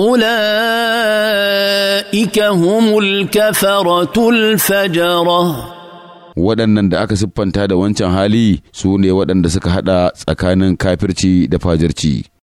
أولئك هم الكفرة الفجرة waɗannan da aka siffanta da wancan hali su ne waɗanda suka haɗa tsakanin kafirci da fajirci.